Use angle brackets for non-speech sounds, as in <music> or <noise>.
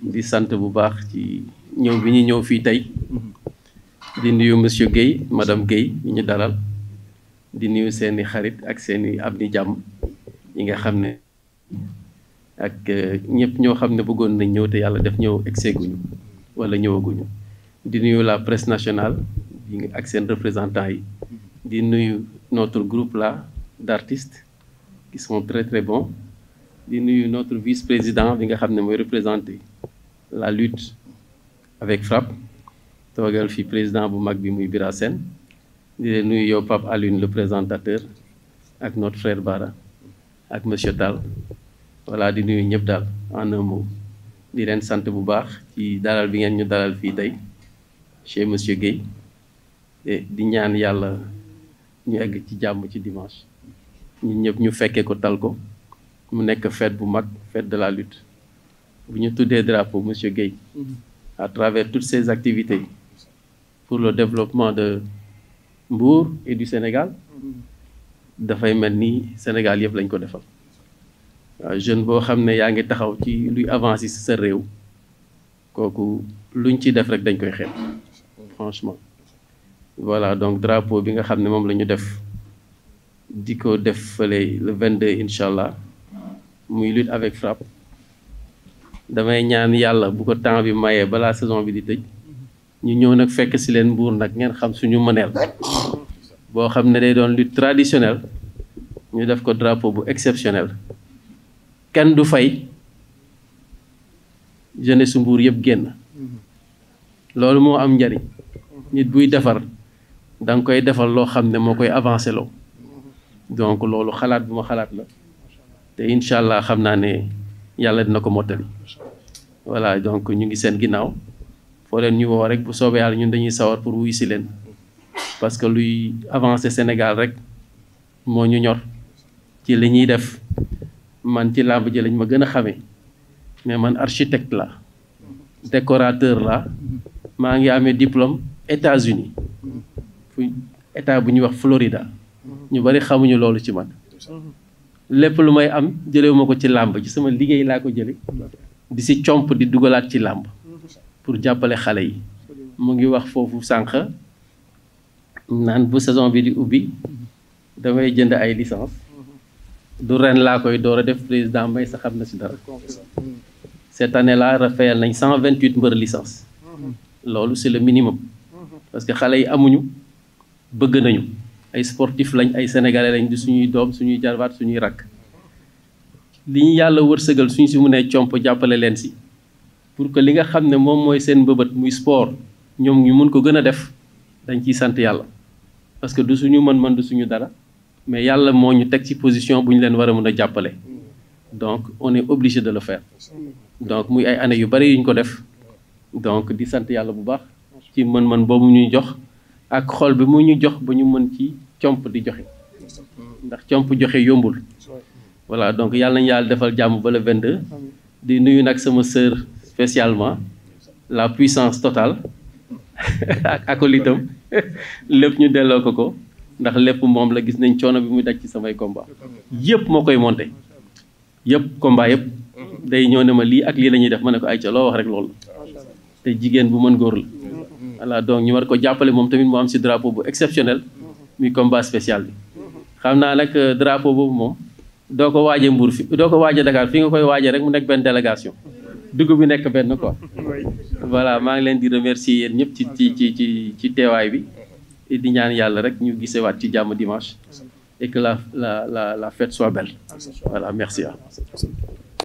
di sant bu baax ci ñëw bi ñu ñëw fii tey di nuyu monsieur Guèye madame Guèye ñu ñu dalal di nuyu seeni xarit ak seeni ab ni jàmm yi nga xam ne ak euh, ñëpp ñoo xam ne bëggoon nañ ñëw te yàlla def ñëw egseeguñu wala ñëwaguñu di nuyu la presse nationale ak seen représentant yi di nuyu notre groupe là d'artistes qui sont très très bons di nuyu notre vice-président bi nga xam ne mooy représenter la lutte avec FRAPP toogal fi président bu mag bi muy Bira Sène di leen nuyu yow Pape Alioune le présentateur ak notre frère Bara ak monsieur Tall voilà di nuyu ñëpp daal en un di leen sant bu baax ci dalal bi ngeen ñu dalal fii tey chez monsieur Guèye et di ñaan yàlla ñu egg ci jàmm ci dimanche ñun ñëpp ñu fekkee ko tal ko mu nekk fête bu mag fête de la lutte bu ñu tuddee drapeau monsieur Guèye mm-hmm. à travers toutes ses activités pour le développement de Mbour et du Sénégal mm-hmm. dafay mel ni Sénégal yëpp lañ ko defal waaw jeune boo xam ne yaa ngi taxaw ci luy avancer si sa réew kooku luñ ci def rek dañ koy xeeb franchement voilà donc drapeau bi nga xam ne moom la ñu def di ko def fële le 22 incha allah muy lutte avec frappe damay ñaan yàlla bu ko temps bi mayee balaa saison bi di tëj ñu ñëw nag fekk si leen mbuur nag ngeen xam suñu mëneel boo xam ne day doon lutte traditionnelle ñu def ko drapeau bu exceptionnel kenn du fay jeunesse su mbuur yëpp génn loolu moo am njariñ nit buy defar da koy defar loo xam ne moo koy avancé loo donc loolu xalaat bu ma xalaat la te incha allah xam naa ne yàlla dina ko mottali voilà donc ñu ngi seen ginnaaw foo leen ñuy woo rek bu soobee yàlla ñun dañuy sawar pour wuyu si leen parce que luy avancer Sénégal rek moo ñu ñor ci li ñuy def man ci làmb ji lañ ma gën a xamee mais man architecte la décorateur la maa ngi amee diplôme États-Unis fu état bu ñuy wax Florida ñu bari xamuñu loolu ci man lépp lu may am jëlewuma ko ci làmb ji sama liggéey laa ko jële di si comp di dugalaat ci làmb pour jàppale xale yi mu ngi wax foofu sànq naan bu saison bi di ubbi damay jënd ay licence du ren laa koy door a def président may sa xam na si dara cette année là rafeyal nañ cent vingt huit mbër licence mhm. loolu c'est le minimum parce que xale yi amuñu bëgg nañu ay sportif lañ ay sénégalais lañ di suñuy doom suñuy jarbaat suñuy rakk li ñu yàlla wërsëgal suñ si mënee comp jàppale leen si pour que li nga xam ne moom mooy seen mbëbët muy sport ñoom ñu mun ko gën a def dañ ciy sant yàlla parce que du suñu man man du suñu dara mais yàlla moo ñu teg ci position bu ñu leen war a mën a jàppale donc on est obligé de le fair donc muy ay année yu bari yu ñu ko def donc di sant yàlla bu baax ci mën-mën boobu ñuy jox ak xol bi mu ñu jox ba ñu mën ci comp di joxe ndax comp joxe yombul voilà donc yàlla nañu yàlla defal jàmm bala le 22 di nuyu nag sama sœur spécialement la puissance totale <laughs> ak acolitam <laughs> lépp ñu delloo ko ko ndax lépp moom la gis nañ coono bi muy daj ci samay combat yëpp moo koy monté yëpp combat yëpp day ñëw ne ma lii ak lii la ñuy def ma ne ko ay ca loo wax rek loolu te jigéen bu mën góor la voilà donc ñu war ko jàppale moom tamit mu am si drapeau bu exceptionnel muy combat spécial bi xam naa nag euh, drapeau boobu moom doo ko waaje Mbour doo ko waaje Dakar fi nga koy waaje rek mu nekk benn délégation dugub bi nekk benn quoi voilà maa ngi leen di remercier yéen ñëpp ci ci ci ci ci teewaay bi di ñaan yàlla rek ñu gisee waat ci jàmm dimanche et la la la la fête soit belle voilà merci